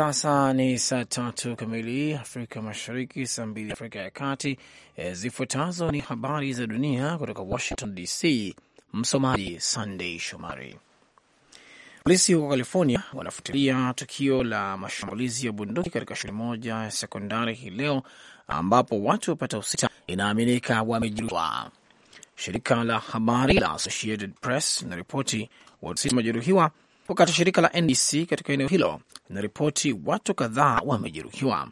Sasa ni saa tatu kamili Afrika Mashariki, saa mbili Afrika ya Kati. E, zifuatazo ni habari za dunia kutoka Washington DC. Msomaji Sandei Shomari. Polisi huko California wanafuatilia tukio la mashambulizi ya bunduki katika shule moja ya sekondari hii leo, ambapo watu wapata usita inaaminika wamejeruhiwa. Shirika la habari la Associated Press ripoti watu sita wamejeruhiwa wakati shirika la nbc katika eneo hilo linaripoti watu kadhaa wamejeruhiwa.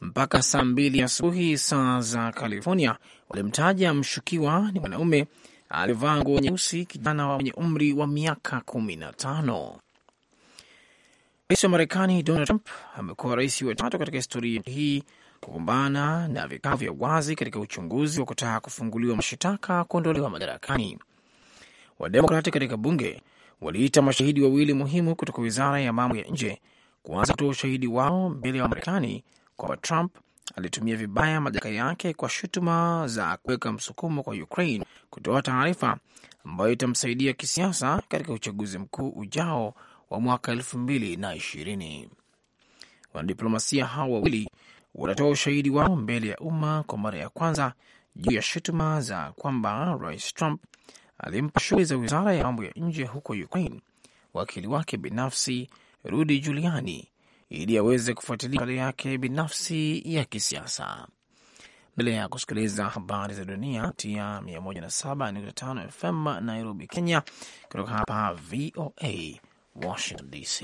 Mpaka saa mbili asubuhi saa za California, walimtaja mshukiwa ni mwanaume alivaa nguo nyeusi, kijana wenye umri wa miaka kumi na tano. Rais wa Marekani Donald Trump amekuwa rais wa tatu katika historia hii kukumbana na vikao vya wazi katika uchunguzi wa kutaka kufunguliwa mashtaka kuondolewa madarakani. Wademokrati katika bunge waliita mashahidi wawili muhimu kutoka wizara ya mambo ya nje kuanza kutoa ushahidi wao mbele ya Wamarekani kwamba Trump alitumia vibaya madaraka yake kwa shutuma za kuweka msukumo kwa Ukraine kutoa taarifa ambayo itamsaidia kisiasa katika uchaguzi mkuu ujao wa mwaka elfu mbili na ishirini. Wanadiplomasia hao wawili wanatoa ushahidi wao mbele ya umma kwa mara ya kwanza juu ya shutuma za kwamba Rais Trump alimpa shughuli za wizara ya mambo ya nje huko Ukraine wakili wake binafsi Rudi Giuliani ili aweze kufuatilia hali yake binafsi ya kisiasa. Mbele ya kusikiliza habari za dunia tia 107.5 FM Nairobi, Kenya, kutoka hapa VOA Washington DC.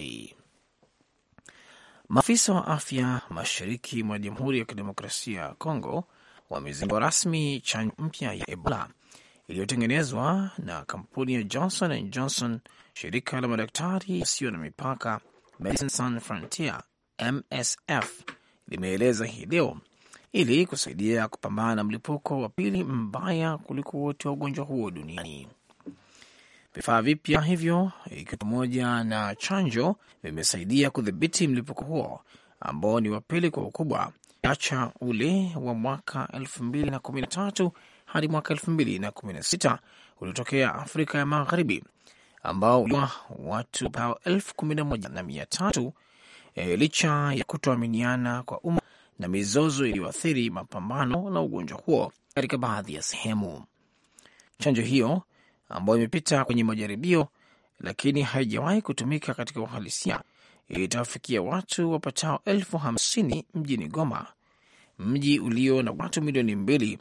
Maafisa wa afya mashariki mwa Jamhuri ya Kidemokrasia ya Kongo wamezindua rasmi chanjo mpya ya Ebola iliyotengenezwa na kampuni ya Johnson and Johnson, shirika la madaktari asio na mipaka Medecins Sans MSF limeeleza hii leo ili kusaidia kupambana na mlipuko wa pili mbaya kuliko wote wa ugonjwa huo duniani. Vifaa vipya hivyo ikiwa pamoja na chanjo vimesaidia kudhibiti mlipuko huo ambao ni wa pili kwa ukubwa, acha ule wa mwaka elfu mbili na kumi na tatu hadi mwaka sita uliotokea Afrika ya Magharibi, ambao watu pao elfu kumi na moja na mia tatu e, licha ya kutoaminiana kwa umma na mizozo iliyoathiri mapambano na ugonjwa huo katika baadhi ya sehemu. Chanjo hiyo ambayo imepita kwenye majaribio lakini haijawahi kutumika katika uhalisia itawafikia watu wapatao elfu hamsini mjini Goma, mji ulio na watu milioni mbili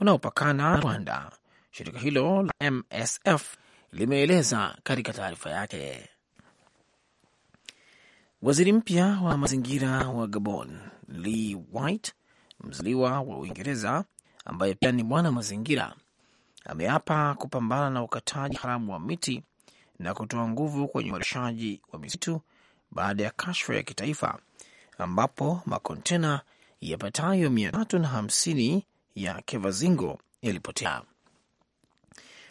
unaopakana na Rwanda. Shirika hilo la MSF limeeleza katika taarifa yake. Waziri mpya wa mazingira wa Gabon, Lee White, mzaliwa wa Uingereza ambaye pia ni bwana mazingira, ameapa kupambana na ukataji haramu wa miti na kutoa nguvu kwenye uboreshaji wa misitu baada ya kashfa ya kitaifa ambapo makontena yapatayo mia tatu na hamsini ya Kevazingo yalipotea.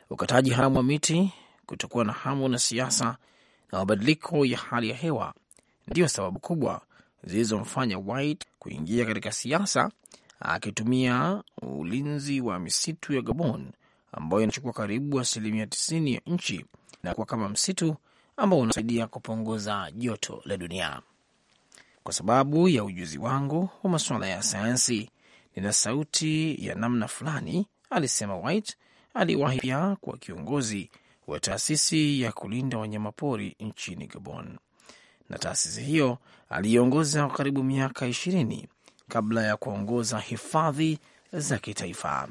Ukataji haramu wa miti, kutokuwa na hamu na siasa na mabadiliko ya hali ya hewa ndiyo sababu kubwa zilizomfanya White kuingia katika siasa, akitumia ulinzi wa misitu ya Gabon ambayo inachukua karibu asilimia tisini ya nchi na kuwa kama msitu ambao unasaidia kupunguza joto la dunia. Kwa sababu ya ujuzi wangu wa masuala ya sayansi, lina sauti ya namna fulani, alisema White. Aliwahi pia kuwa kiongozi wa taasisi ya kulinda wanyamapori nchini Gabon, na taasisi hiyo aliiongoza kwa karibu miaka ishirini kabla ya kuongoza hifadhi za kitaifa.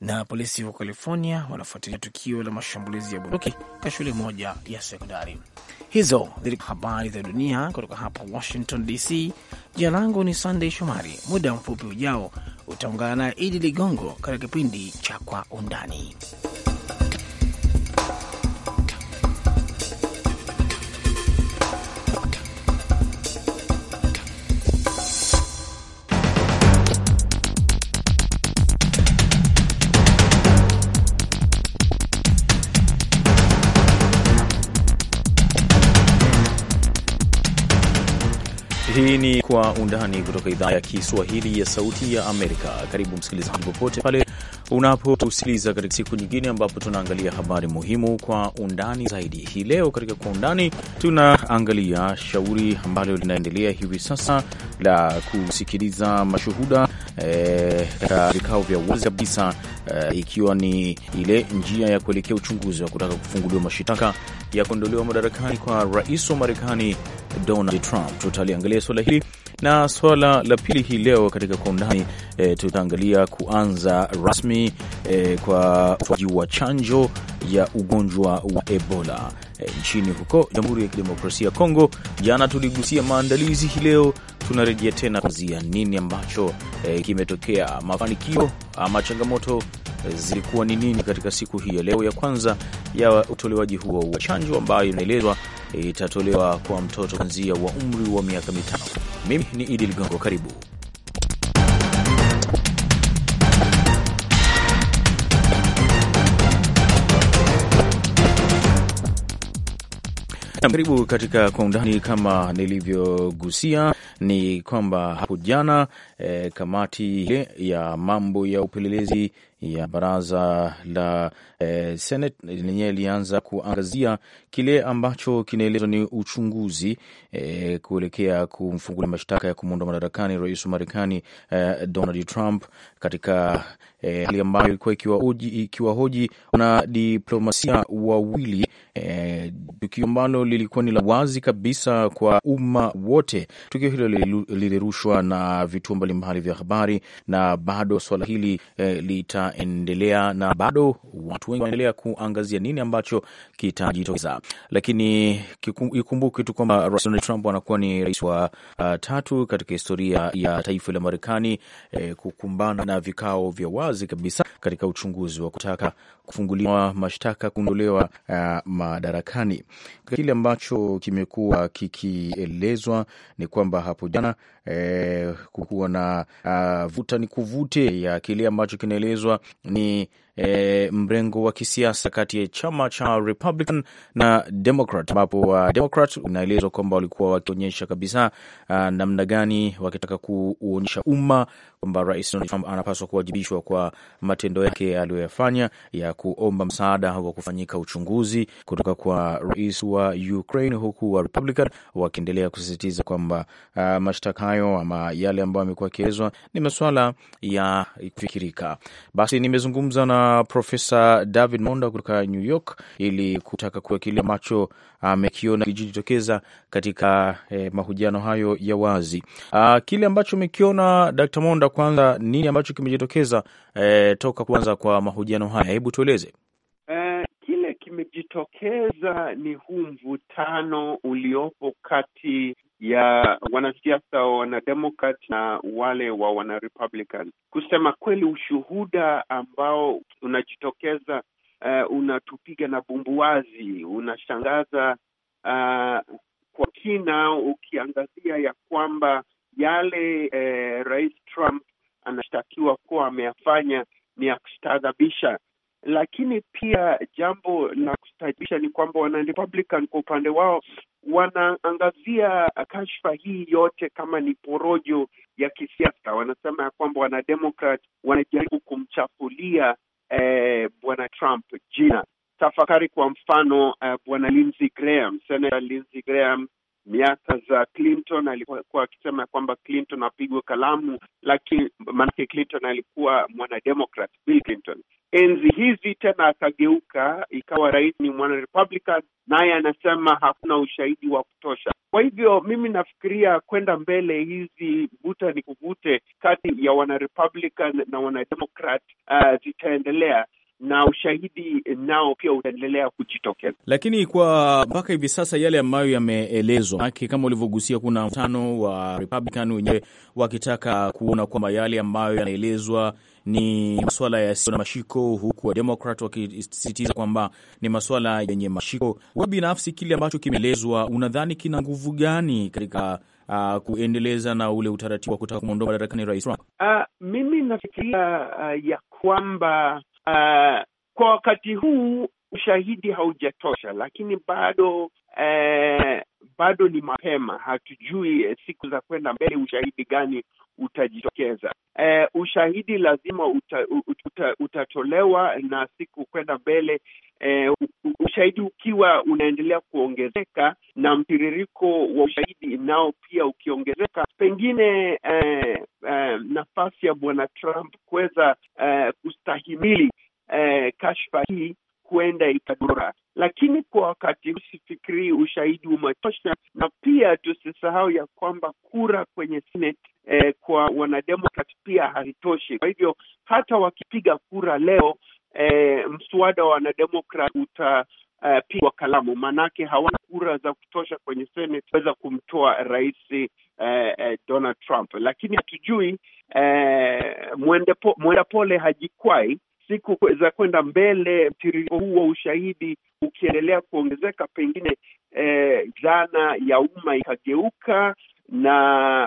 Na polisi wa California wanafuatilia tukio la mashambulizi ya bunduki katika shule moja ya sekondari. Hizo zilikuwa habari za dunia kutoka hapa Washington DC. Jina langu ni Sandey Shomari. Muda mfupi ujao utaungana naye Idi Ligongo katika kipindi cha Kwa Undani. Hii ni Kwa Undani kutoka idhaa ya Kiswahili ya Sauti ya Amerika. Karibu msikilizaji, popote pale unapotusikiliza katika siku nyingine ambapo tunaangalia habari muhimu kwa undani zaidi. Hii leo katika Kwa Undani tunaangalia shauri ambalo linaendelea hivi sasa la kusikiliza mashuhuda Eh, katika vikao vya wazi kabisa, eh, ikiwa ni ile njia ya kuelekea uchunguzi wa kutaka kufunguliwa mashitaka ya kuondolewa madarakani kwa rais wa Marekani Donald Trump. Tutaliangalia suala hili na suala la pili hii leo katika kwa undani e, tutaangalia kuanza rasmi e, kwa utoaji wa chanjo ya ugonjwa wa Ebola. Eh, nchini huko Jamhuri ya Kidemokrasia ya Kongo. Jana tuligusia maandalizi, hii leo tunarejea tena kuanzia nini ambacho eh, kimetokea, mafanikio ama changamoto eh, zilikuwa ni nini katika siku hii ya leo ya kwanza ya utolewaji huo wa chanjo ambayo inaelezwa eh, itatolewa kwa mtoto kuanzia wa umri wa miaka mitano. Mimi ni Idi Ligongo, karibu. Karibu katika Kwa Undani. Kama nilivyogusia, ni kwamba hapo jana eh, kamati ya mambo ya upelelezi ya baraza la eh, Senate lenyewe ilianza kuangazia kile ambacho kinaelezwa ni uchunguzi eh, kuelekea kumfungulia mashtaka ya kumwondoa madarakani rais wa Marekani eh, Donald Trump katika eh, hali ambayo ilikuwa ikiwahoji ikiwahoji diplomasia wawili eh, tukio ambalo lilikuwa ni la wazi kabisa kwa umma wote. Tukio hilo lilirushwa na vituo mbalimbali vya habari na bado swala hili eh, lita inaendelea na bado watu wengi wanaendelea kuangazia nini ambacho kitajitokeza, lakini ikumbuke tu kwamba Rais Donald Trump anakuwa ni rais wa uh, tatu katika historia ya taifa la Marekani eh, kukumbana na vikao vya wazi kabisa katika uchunguzi wa kutaka kufunguliwa mashtaka, kuondolewa uh, madarakani. Kile ambacho kimekuwa kikielezwa ni kwamba hapo jana eh, kukuwa na uh, vuta ni kuvute ya kile ambacho kinaelezwa ni e, mrengo wa kisiasa kati ya chama cha Republican na Democrat, ambapo uh, Democrat inaelezwa kwamba walikuwa wakionyesha kabisa uh, namna gani wakitaka kuonyesha umma kwamba Rais Donald Trump anapaswa kuwajibishwa kwa matendo yake aliyoyafanya ya kuomba msaada wa kufanyika uchunguzi kutoka kwa rais wa Ukraine, huku wa Republican wakiendelea kusisitiza kwamba uh, mashtaka hayo ama yale ambayo amekuwa akielezwa ni masuala ya kufikirika. Basi nimezungumza na Profesa David Monda kutoka New York ili kutaka kuakilia macho ah, amekiona kijijitokeza katika eh, mahojiano hayo ya wazi. Ah, kile ambacho umekiona d Monda, kwanza nini ambacho kimejitokeza eh, toka kwanza kwa mahojiano haya, hebu tueleze. Eh, kile kimejitokeza ni huu mvutano uliopo kati ya wanasiasa wa wanademokrat na wale wa wanarepublican. Kusema kweli, ushuhuda ambao unajitokeza uh, unatupiga na bumbuwazi unashangaza uh, kwa kina, ukiangazia ya kwamba yale eh, Rais Trump anashtakiwa kuwa ameyafanya ni ya kustaadhabisha lakini pia jambo la kustajibisha ni kwamba wana Republican kwa upande wao wanaangazia kashfa hii yote kama ni porojo ya kisiasa. Wanasema ya kwamba wanademokrat wanajaribu kumchafulia eh, bwana Trump jina. Tafakari kwa mfano eh, bwana Lindsey Graham, senata Lindsey Graham miaka za Clinton alikuwa akisema ya kwamba Clinton apigwe kalamu, lakini maanake Clinton alikuwa mwanademokrat Bill Clinton enzi hizi tena akageuka ikawa rais ni mwana Republican, naye anasema hakuna ushahidi wa kutosha. Kwa hivyo mimi nafikiria kwenda mbele, hizi vuta ni kuvute kati ya wana Republican na wana Democrat uh, zitaendelea na ushahidi nao pia utaendelea kujitokeza, lakini kwa mpaka hivi sasa yale ambayo yameelezwa, kama ulivyogusia, kuna mtano wa Republican wenyewe wakitaka kuona kwamba yale ambayo yanaelezwa ni maswala yasiyo na mashiko, huku Wademokrat wakisisitiza kwamba ni maswala yenye mashiko. Wewe binafsi, kile ambacho kimeelezwa, unadhani kina nguvu gani katika Uh, kuendeleza na ule utaratibu wa kutaka kumwondoa madarakani rais Trump. Uh, mimi nafikiria uh, ya kwamba Eh, kwa wakati huu ushahidi haujatosha, lakini bado uh, bado ni mapema, hatujui uh, siku za kwenda mbele ushahidi gani utajitokeza. Uh, ushahidi lazima uta, uta, utatolewa na siku kwenda mbele uh, ushahidi ukiwa unaendelea kuongezeka na mtiririko wa ushahidi nao pia ukiongezeka, pengine uh, uh, nafasi ya bwana Trump kuweza uh, kustahimili eh, kashfa hii huenda ikadura, lakini kwa wakati huu sifikirii ushahidi umetosha, na pia tusisahau ya kwamba kura kwenye seneti eh, kwa wanademokrat pia haitoshi Kwa hivyo hata wakipiga kura leo eh, mswada wa wanademokrat uta Uh, eh, wa kalamu maanake hawana kura za kutosha kwenye seneti weza kumtoa rais uh, uh, Donald Trump, lakini hatujui uh, mwenda pole hajikwai siku za kwenda mbele, mtiririko huu wa ushahidi ukiendelea kuongezeka, pengine eh, dhana ya umma ikageuka na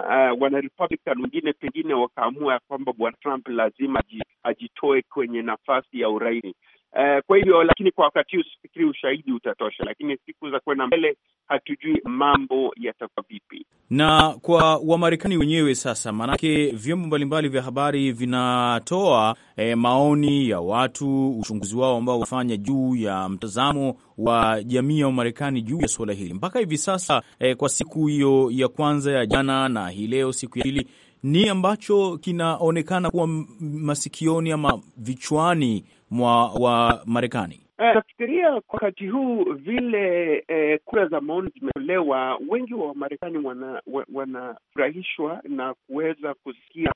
uh, eh, wana Republican wengine pengine wakaamua ya kwamba bwana Trump lazima ajitoe kwenye nafasi ya urais. Uh, kwa hivyo lakini kwa wakati huu sifikiri ushahidi utatosha, lakini siku za kwenda mbele hatujui mambo yatakuwa vipi. Na kwa Wamarekani wenyewe sasa, maanake vyombo mbalimbali vya habari vinatoa eh, maoni ya watu, uchunguzi wao ambao wanafanya juu ya mtazamo wa jamii ya Wamarekani juu ya suala hili mpaka hivi sasa eh, kwa siku hiyo ya kwanza ya jana na hii leo siku ya pili ni ambacho kinaonekana kuwa masikioni ama vichwani mwa wa Marekani. Eh, Nafikiria kwa wakati huu vile eh, kura za maoni zimetolewa, wengi wa Wamarekani wanafurahishwa wana na kuweza kusikia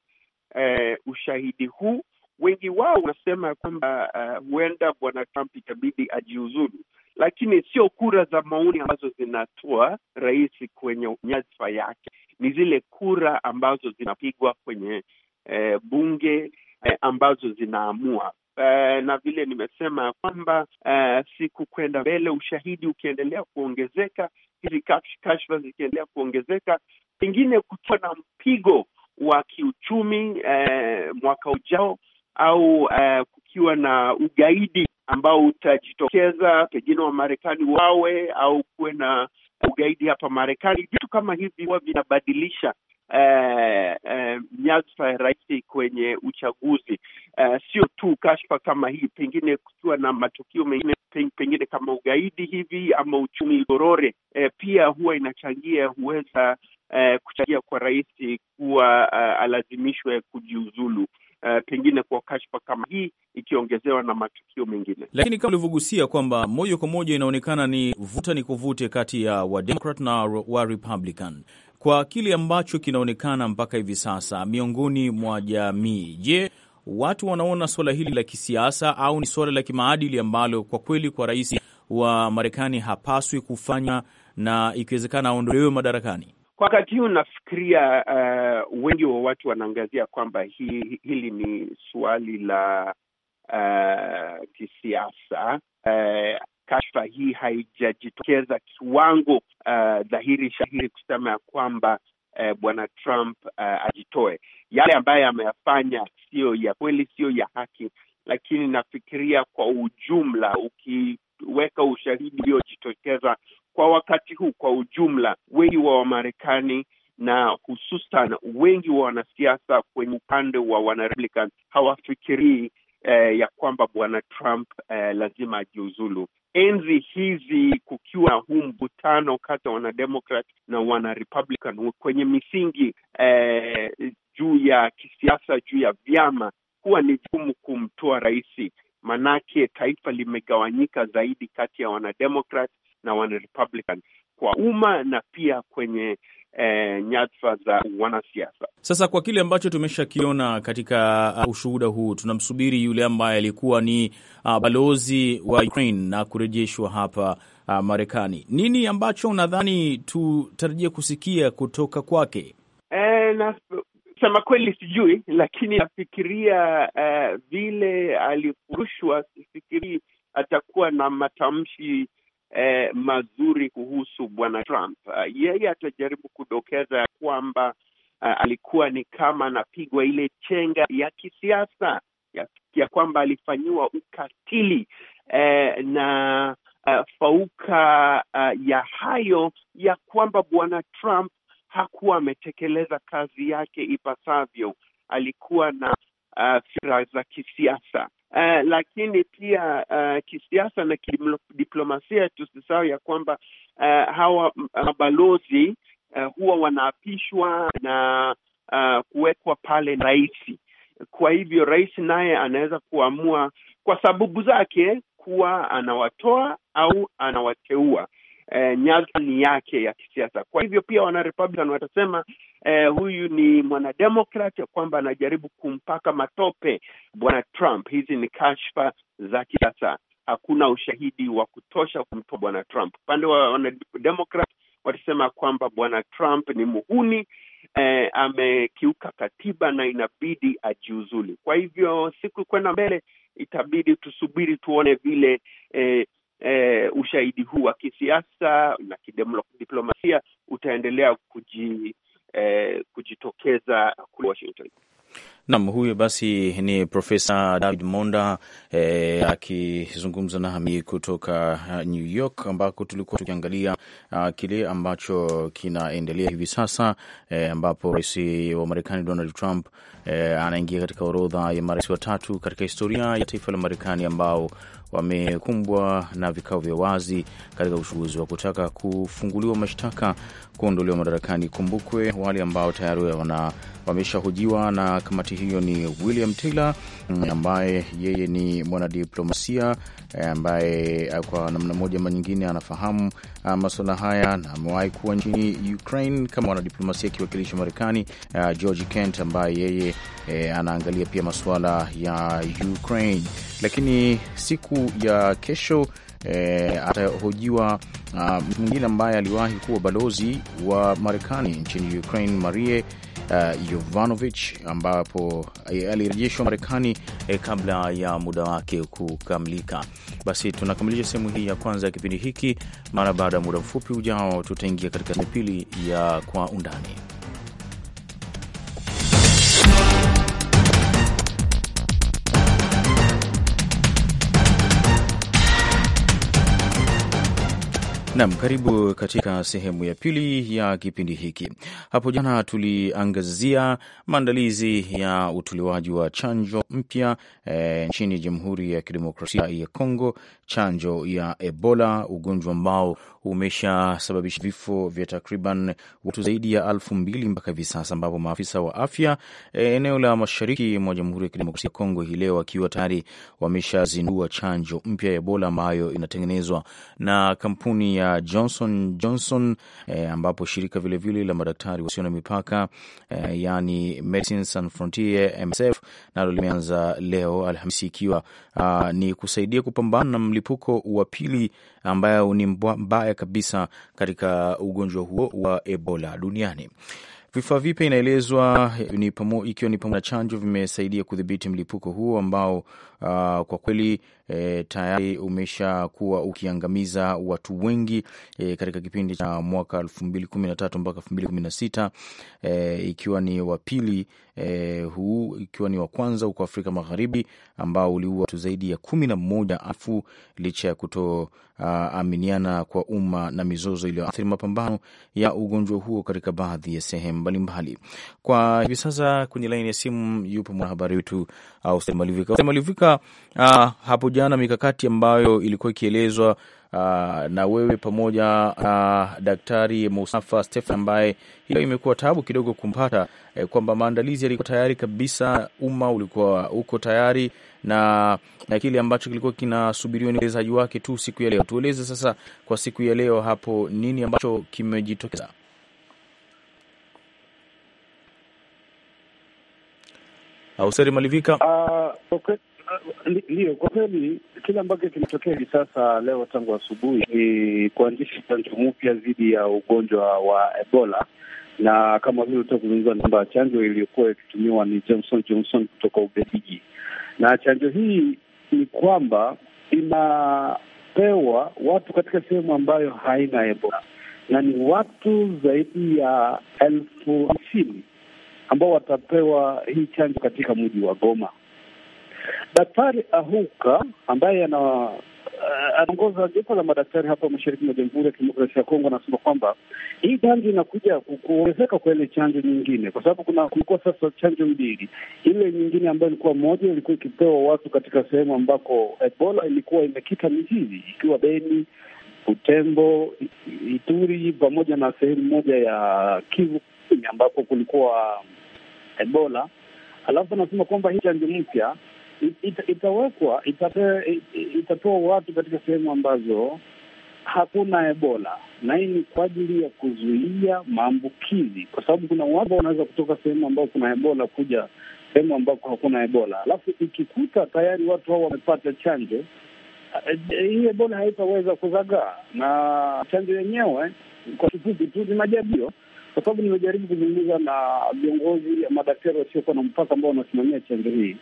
eh, ushahidi huu. Wengi wao wanasema kwamba uh, huenda bwana Trump itabidi ajiuzulu, lakini sio kura za maoni ambazo zinatoa rais kwenye nyadhifa yake ni zile kura ambazo zinapigwa kwenye eh, bunge eh, ambazo zinaamua Uh, na vile nimesema ya kwamba uh, siku kwenda mbele, ushahidi ukiendelea kuongezeka, hizi kashfa zikiendelea kuongezeka, pengine kukiwa na mpigo wa kiuchumi uh, mwaka ujao au uh, kukiwa na ugaidi ambao utajitokeza, pengine Wamarekani wawe au kuwe na ugaidi hapa Marekani. Vitu kama hivi huwa vinabadilisha eh, eh, ya rais kwenye uchaguzi eh, sio tu kashfa kama hii, pengine kukiwa na matukio mengine pengine kama ugaidi hivi ama uchumi gorore eh, pia huwa inachangia huweza eh, kuchangia kwa rais kuwa eh, alazimishwe kujiuzulu uh, pengine kwa kashfa kama hii ikiongezewa na matukio mengine. Lakini kama ulivyogusia kwamba moja kwa moja inaonekana ni vuta ni kuvute kati ya Wademokrat na wa Republican kwa kile ambacho kinaonekana mpaka hivi sasa miongoni mwa jamii. Je, watu wanaona suala hili la kisiasa au ni suala la kimaadili ambalo kwa kweli kwa rais wa Marekani hapaswi kufanya na ikiwezekana aondolewe madarakani? Kwa wakati huu nafikiria uh, wengi wa watu wanaangazia kwamba hi, hili ni suali la uh, kisiasa uh, kashfa hii haijajitokeza kiwango uh, dhahiri shahiri kusema ya kwamba uh, bwana Trump uh, ajitoe. Yale ambayo ameyafanya siyo ya kweli, siyo ya haki, lakini nafikiria kwa ujumla ukiweka ushahidi uliojitokeza kwa wakati huu kwa ujumla, wengi wa Wamarekani na hususan wengi wa wanasiasa kwenye upande wa wanarepublican hawafikirii eh, ya kwamba bwana Trump eh, lazima ajiuzulu. Enzi hizi kukiwa na huu mvutano kati ya wanademokrat na wanarepublican kwenye misingi eh, juu ya kisiasa, juu ya vyama, huwa ni jukumu kumtoa raisi manake taifa limegawanyika zaidi kati ya wanademokrat na wanarepublican kwa umma na pia kwenye eh, nyadfa za wanasiasa. Sasa kwa kile ambacho tumeshakiona katika uh, ushuhuda huu, tunamsubiri yule ambaye alikuwa ni uh, balozi wa Ukraine na kurejeshwa hapa uh, Marekani. Nini ambacho unadhani tutarajia kusikia kutoka kwake? E, na Sema kweli sijui, lakini nafikiria uh, vile alifurushwa, sifikirii atakuwa na matamshi uh, mazuri kuhusu bwana Trump. Uh, yeye atajaribu kudokeza kwamba uh, alikuwa ni kama anapigwa ile chenga ya kisiasa ya, ya kwamba alifanyiwa ukatili uh, na uh, fauka uh, ya hayo ya kwamba bwana Trump hakuwa ametekeleza kazi yake ipasavyo. Alikuwa na uh, fira za kisiasa uh, lakini pia uh, kisiasa na kidiplomasia, tusisahau ya kwamba uh, hawa uh, mabalozi uh, huwa wanaapishwa na uh, kuwekwa pale rais. Kwa hivyo rais naye anaweza kuamua kwa sababu zake kuwa anawatoa au anawateua eh, ni yake ya kisiasa. Kwa hivyo pia wana Republican watasema eh, huyu ni mwanademokrat, ya kwamba anajaribu kumpaka matope bwana Trump. Hizi ni kashfa za kisiasa, hakuna ushahidi wa kutosha kumtoa bwana Trump. Upande wa wanademokrat watasema kwamba bwana Trump ni muhuni eh, amekiuka katiba na inabidi ajiuzuli. Kwa hivyo siku kwenda mbele itabidi tusubiri tuone vile eh, eh, ushahidi huu wa kisiasa na kidiplomasia utaendelea kuji, eh, kujitokeza kule Washington. Nam, huyo basi ni Profesa David Monda eh, akizungumza nami kutoka eh, New York ambako tulikuwa tukiangalia uh, kile ambacho kinaendelea hivi sasa eh, ambapo rais wa Marekani Donald Trump eh, anaingia katika orodha ya marais watatu katika historia ya taifa la Marekani ambao wamekumbwa na vikao vya wazi katika uchunguzi wa kutaka kufunguliwa mashtaka, kuondolewa madarakani. Kumbukwe wale ambao tayari wameshahojiwa na kamati hiyo ni William Taylor mm, ambaye yeye ni mwanadiplomasia eh, ambaye kwa namna moja ama nyingine anafahamu uh, masuala haya na amewahi kuwa nchini Ukraine kama wanadiplomasia akiwakilisha Marekani. Uh, George Kent ambaye yeye eh, anaangalia pia masuala ya Ukraine, lakini siku ya kesho eh, atahojiwa mtu uh, ah, mwingine ambaye aliwahi kuwa balozi wa Marekani nchini Ukraine, Marie uh, Yovanovich ambapo eh, alirejeshwa Marekani eh, kabla ya muda wake kukamilika. Basi tunakamilisha sehemu hii ya kwanza ya kipindi hiki. Mara baada ya muda mfupi ujao, tutaingia katika sehemu pili ya kwa undani. Nam, karibu katika sehemu ya pili ya kipindi hiki. Hapo jana tuliangazia maandalizi ya utolewaji wa chanjo mpya e, nchini Jamhuri ya Kidemokrasia ya Kongo, chanjo ya Ebola, ugonjwa ambao umeshasababisha vifo vya takriban watu zaidi ya alfu mbili mpaka hivi sasa, ambapo maafisa wa afya e, eneo la mashariki mwa Jamhuri ya Kidemokrasia ya Kongo hii leo wakiwa tayari wameshazindua chanjo mpya ya Ebola ambayo inatengenezwa na kampuni ya Johnson Johnson eh, ambapo shirika vilevile vile la madaktari wasio na mipaka eh, yani Medicines Sans Frontieres MSF nalo limeanza leo Alhamisi ikiwa uh, ni kusaidia kupambana na mlipuko wa pili ambayo ni mbaya kabisa katika ugonjwa huo wa Ebola duniani. Vifaa vipya inaelezwa eh, ikiwa ni pamoja na chanjo vimesaidia kudhibiti mlipuko huo ambao uh, kwa kweli e, tayari umeshakuwa ukiangamiza watu wengi e, katika kipindi cha mwaka elfu mbili kumi na tatu mpaka elfu mbili kumi na sita e, ikiwa ni wa pili e, huu ikiwa ni wa kwanza huko Afrika Magharibi ambao uliua watu zaidi ya kumi na mmoja afu licha ya kutoaminiana ah, uh, kwa umma na mizozo iliyoathiri mapambano ya ugonjwa huo katika baadhi ya sehemu mbalimbali. Kwa hivi sasa kwenye laini ya simu yupo mwanahabari wetu Austel Malivika. Malivika kumbuka uh, ah, hapo jana mikakati ambayo ilikuwa ikielezwa uh, na wewe pamoja na uh, Daktari Mustafa Stefan ambaye hiyo imekuwa tabu kidogo kumpata eh, kwamba maandalizi yalikuwa tayari kabisa, umma ulikuwa uko tayari na, na kile ambacho kilikuwa kinasubiriwa ni uelezaji wake tu siku ya leo. Tueleze sasa kwa siku ya leo hapo nini ambacho kimejitokeza? Auseri Malivika. Uh, ah, okay. Ah, Ndiyo, kwa kweli kile ambacho kimetokea hivi sasa leo tangu asubuhi ni kuanzisha chanjo mpya dhidi ya ugonjwa wa Ebola, na kama vile utakuzungumza kwamba chanjo iliyokuwa ikitumiwa ni Johnson Johnson kutoka Ubelgiji, na chanjo hii ni kwamba inapewa watu katika sehemu ambayo haina Ebola na ni watu zaidi ya elfu hamsini ambao watapewa hii chanjo katika mji wa Goma. Daktari Ahuka ambaye ana eh, anaongoza jopo la madaktari hapa mashariki mwa Jamhuri ya Kidemokrasia ya Kongo anasema kwamba hii chanjo inakuja kuongezeka kwa ile chanjo nyingine, kwa sababu kuna kulikuwa sasa chanjo mbili. Ile nyingine ambayo ilikuwa moja ilikuwa ikipewa watu katika sehemu ambako Ebola ilikuwa imekita mizizi, ikiwa Beni, Butembo, Ituri pamoja na sehemu moja ya Kivu ambako kulikuwa Ebola. Alafu anasema kwamba hii chanjo mpya it, itawekwa itatoa it, it, watu katika sehemu ambazo hakuna Ebola, na hii ni kwa ajili ya kuzuia maambukizi, kwa sababu kuna watu wanaweza kutoka sehemu ambao kuna Ebola kuja sehemu ambako hakuna Ebola, alafu ikikuta tayari watu hao wamepata chanjo eh, hii Ebola haitaweza kuzagaa. Na chanjo yenyewe kwa kifupi tu ni majaribio, kwa sababu nimejaribu kuzungumza na viongozi ya madaktari wasiokuwa na mpaka ambao wanasimamia chanjo hii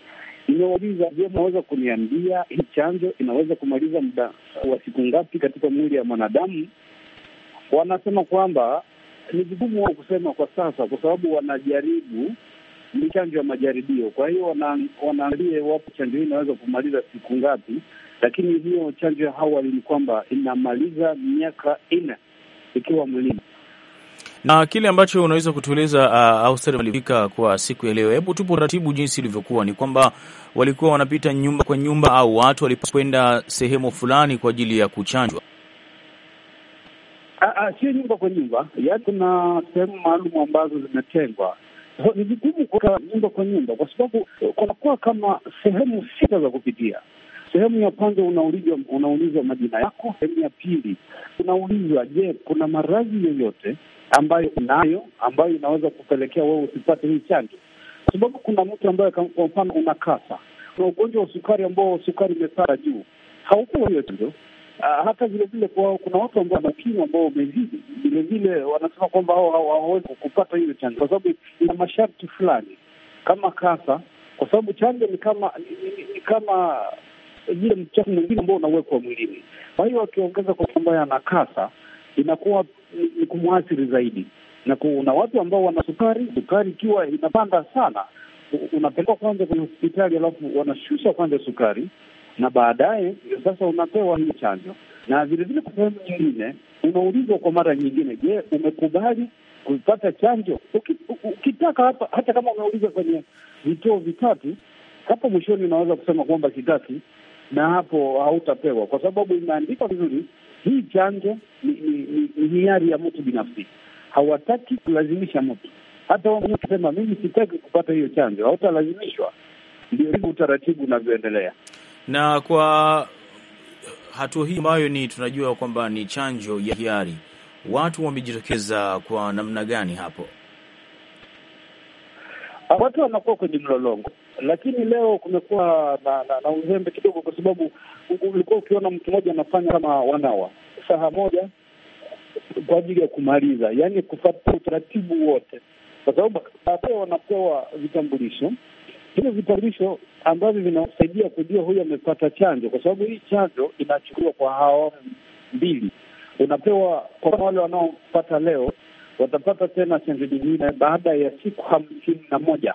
Nimewauliza, je, mnaweza kuniambia hii chanjo inaweza kumaliza muda wa siku ngapi katika mwili ya mwanadamu? Wanasema kwamba ni vigumu wao kusema kwa sasa, kwa sababu wanajaribu, ni chanjo ya majaribio. Kwa hiyo wanaangalia iwapo chanjo hii inaweza kumaliza siku ngapi, lakini hiyo chanjo ya awali ni kwamba inamaliza miaka nne ikiwa mwilini na kile ambacho unaweza kutueleza uh, Auster walifika kwa siku ya leo, hebu tupo ratibu jinsi ilivyokuwa, ni kwamba walikuwa wanapita nyumba kwa nyumba au watu walipokwenda sehemu fulani kwa ajili ya kuchanjwa? Ah, ah, Sio nyumba kwa nyumba, yaani kuna sehemu maalum ambazo zimetengwa. Ni vigumu kuweka nyumba kwa nyumba kwa sababu eh, kunakuwa kama sehemu sita za kupitia. Sehemu ya kwanza unaulizwa unaulizwa majina yako. Sehemu ya pili unaulizwa, je, kuna maradhi yoyote ambayo unayo ambayo inaweza kupelekea wewe usipate hii chanjo, sababu kuna mtu ambaye kwa mfano una kasa na ugonjwa wa sukari ambao sukari imepanda juu, haupo hiyo chanjo. Uh, hata vilevile kuna watu ambao wana ukimwi ambao wamezidi vilevile, wanasema kwamba hawawezi kupata hiyo chanjo kwa sababu ina masharti fulani kama kasa, kwa sababu chanjo ni kama ni kama ile mchafu mwingine ambao unawekwa mwilini. Kwa hiyo akiongeza kwa mtu ambaye ana kasa inakuwa ni kumwathiri zaidi, na kuna watu ambao wana sukari. Sukari ikiwa inapanda sana, unapelekwa kwanza kwenye hospitali, alafu wanashusha kwanza sukari na baadaye ndio sasa unapewa hiyo chanjo. Na vilevile kwa sehemu nyingine unaulizwa kwa mara nyingine, je, umekubali kupata chanjo? Ukitaka hapa, hata kama umeuliza kwenye vituo vitatu, hapo mwishoni unaweza kusema kwamba sitaki, na hapo hautapewa, kwa sababu imeandikwa vizuri hii chanjo ni, hiari ya mtu binafsi, hawataki kulazimisha mtu. Hata kusema mimi sitaki kupata hiyo chanjo, hautalazimishwa. Ndio hivyo utaratibu unavyoendelea. Na kwa hatua hii ambayo ni tunajua kwamba ni chanjo ya hiari, watu wamejitokeza kwa namna gani hapo? Ah, watu wanakuwa kwenye mlolongo, lakini leo kumekuwa na, na, na uzembe kidogo, kwa sababu ulikuwa ukiona mtu mmoja anafanya kama wanawa saha moja kwa ajili ya kumaliza, yaani kufata utaratibu wote, kwa sababu baadaye wanapewa vitambulisho hivyo vitambulisho ambavyo vinasaidia kujua huyu amepata chanjo, kwa sababu hii chanjo inachukuliwa kwa awamu mbili. Unapewa kwa wale wanaopata leo, watapata tena chanjo nyingine baada ya siku hamsini na moja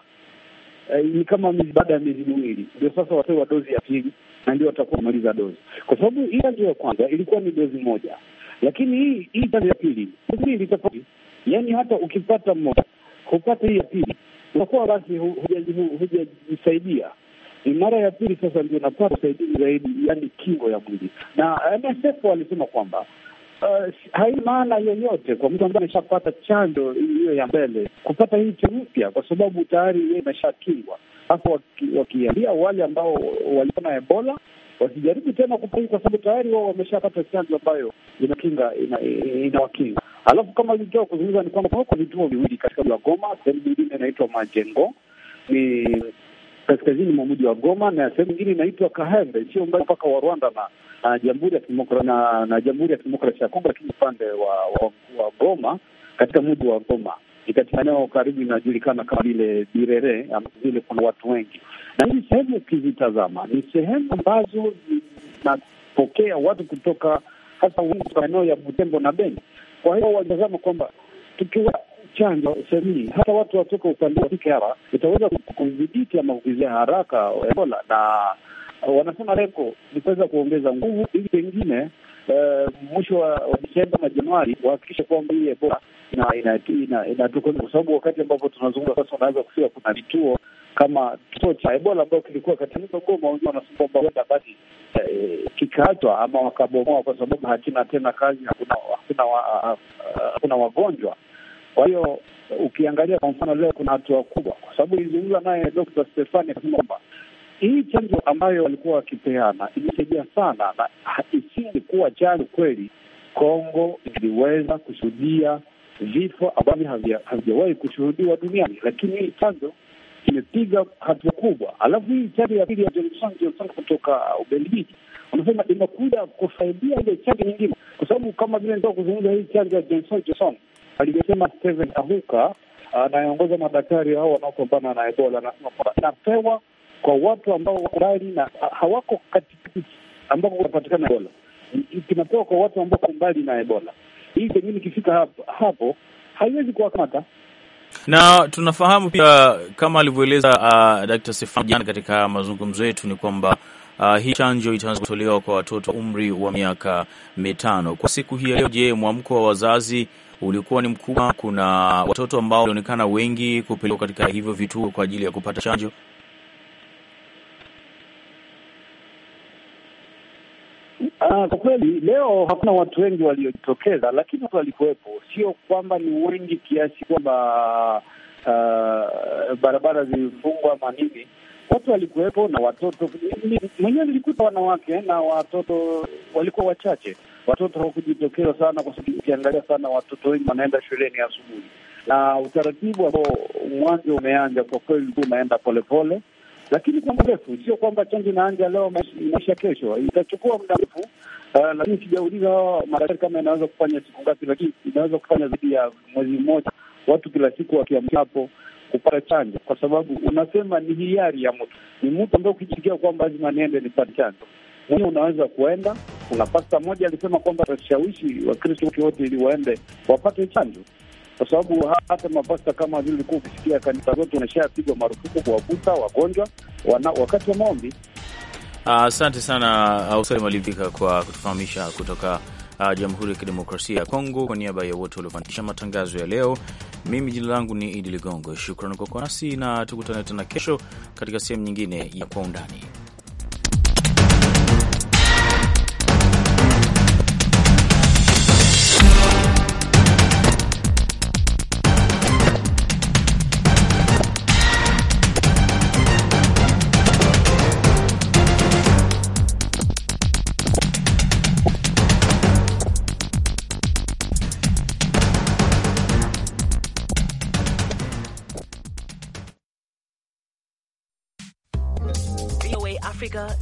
eh, ni kama baada ya miezi miwili ndio sasa wapewa dozi ya pili, na ndio watakuwa wamaliza dozi, kwa sababu hii chanjo ya kwanza ilikuwa ni dozi moja, lakini hii hii chanjo ya pili ni tofauti. Yani hata ukipata mmoja hupate hii ya pili, unakuwa basi hujajisaidia ni mara ya pili sasa ndio napata usaidizi zaidi, yani kingo ya mwili. Na MSF walisema kwamba uh, haina maana yoyote kwa mtu ambaye ameshapata chanjo hiyo ya mbele kupata hicho mpya, kwa sababu tayari yeye imeshakingwa. Hapo wakiambia waki wale ambao walikuwa na Ebola wasijaribu tena kupata, kwa sababu tayari wao wameshapata chanjo ambayo inakinga inawakinga. Alafu kama ilitoa kuzungumza ni kwamba wako vituo viwili katika mji wa Goma, sehemu nyingine inaitwa Majengo ni kaskazini mwa mji wa Goma na sehemu nyingine inaitwa Kahembe, sio mbali mpaka wa Rwanda na na ah, jamhuri ya kidemokrasia na, na jamhuri ya kidemokrasia ya Kongo, lakini upande wa, wa, wa Goma, katika mji wa Goma ni katika eneo karibu inajulikana kama vile Birere, vile kuna watu wengi, na hii sehemu ukizitazama ni sehemu ambazo zinapokea watu kutoka hasa maeneo ya Butembo na Beni. Kwa hiyo walitazama kwamba tukiwa chanjo semii hata watu watoka upande wafike hapa, itaweza kudhibiti ama kukuizia haraka Ebola na Eh, wanasema reko ni kuweza kuongeza nguvu ili pengine Uh, mwisho wa Desemba na Januari wahakikishe kwamba ile bora inatukoza, kwa sababu wakati ambapo tunazungumza sasa, unaweza kufika kuna vituo kama kituo cha Ebola ambayo kilikuwa katika Goma, wanasema kwamba huenda basi eh, kikaatwa ama wakabomoa, kwa sababu hakina tena kazi, hakuna hakuna wa, hakuna wagonjwa. Kwa hiyo ukiangalia kwa mfano leo kuna hatua kubwa, kwa sababu ilizungumza naye Dr. Stefani akasema kwamba hii chanjo ambayo walikuwa wakipeana imesaidia sana, na isingekuwa chanjo kweli, Kongo iliweza kushuhudia vifo ambavyo havijawahi kushuhudiwa duniani, lakini hii chanjo imepiga hatua kubwa. Alafu hii chanjo ya pili ya Johnson Johnson kutoka Ubelgiji unasema imekuja kusaidia ile chanjo nyingine, kwa sababu kama vile nitaka kuzungumza hii chanjo ya Johnson Johnson alivyosema Steven Ahuka anayeongoza madaktari hao wanaopambana na Ebola, anasema kwamba inapewa kwa watu ambao wako mbali na hawako katikati nchi ambako kunapatikana Ebola, kinatoka kwa watu ambao wako mbali na Ebola. Hii pengine ikifika hapo, hapo haiwezi kuwakamata na tunafahamu pia kama alivyoeleza uh, Dr. Sefan jana katika mazungumzo yetu ni kwamba uh, hii chanjo itaanza kutolewa kwa watoto wa umri wa miaka mitano. Kwa siku hii ya leo, je, mwamko wa wazazi ulikuwa ni mkubwa? Kuna watoto ambao walionekana wengi kupelekwa katika hivyo vituo kwa ajili ya kupata chanjo? Ah, kwa kweli leo hakuna watu wengi waliojitokeza, lakini watu walikuwepo, sio kwamba ni wengi kiasi kwamba uh, barabara zilifungwa ama nini. Watu walikuwepo na watoto, mwenyewe nilikuta wanawake na watoto walikuwa wachache. Watoto hawakujitokeza sana, kwa sababu ukiangalia sana watoto wengi wanaenda shuleni asubuhi, na utaratibu ambao mwanzo umeanja kwa kweli ulikuwa unaenda polepole lakini kwa mrefu, sio kwamba chanjo inaanja leo maisha kesho, itachukua muda mrefu. Uh, lakini sijauliza madaktari kama inaweza kufanya siku ngapi, lakini inaweza kufanya zaidi ya mwezi mmoja, watu kila siku wakiamka hapo kupata chanjo, kwa sababu unasema ni hiari ya mtu, ni mtu ambaye ukijisikia kwamba lazima niende nipate chanjo mwenyewe unaweza kuenda. Kuna pasta moja alisema kwamba atashawishi Wakristo wote ili waende wapate chanjo kwa sababu hata mapasta kama vile ulikuwa ukisikia kanisa zote wanashapigwa marufuku kuwavuta wagonjwa wana, wakati wa maombi. Asante uh, sana Ausali Malivika kwa kutufahamisha kutoka uh, Jamhuri ya Kidemokrasia ya Kongo. Kwa niaba ya wote waliofanikisha matangazo ya leo, mimi jina langu ni Idi Ligongo. Shukrani kwa kuwa nasi na tukutane tena kesho katika sehemu nyingine ya Kwa Undani.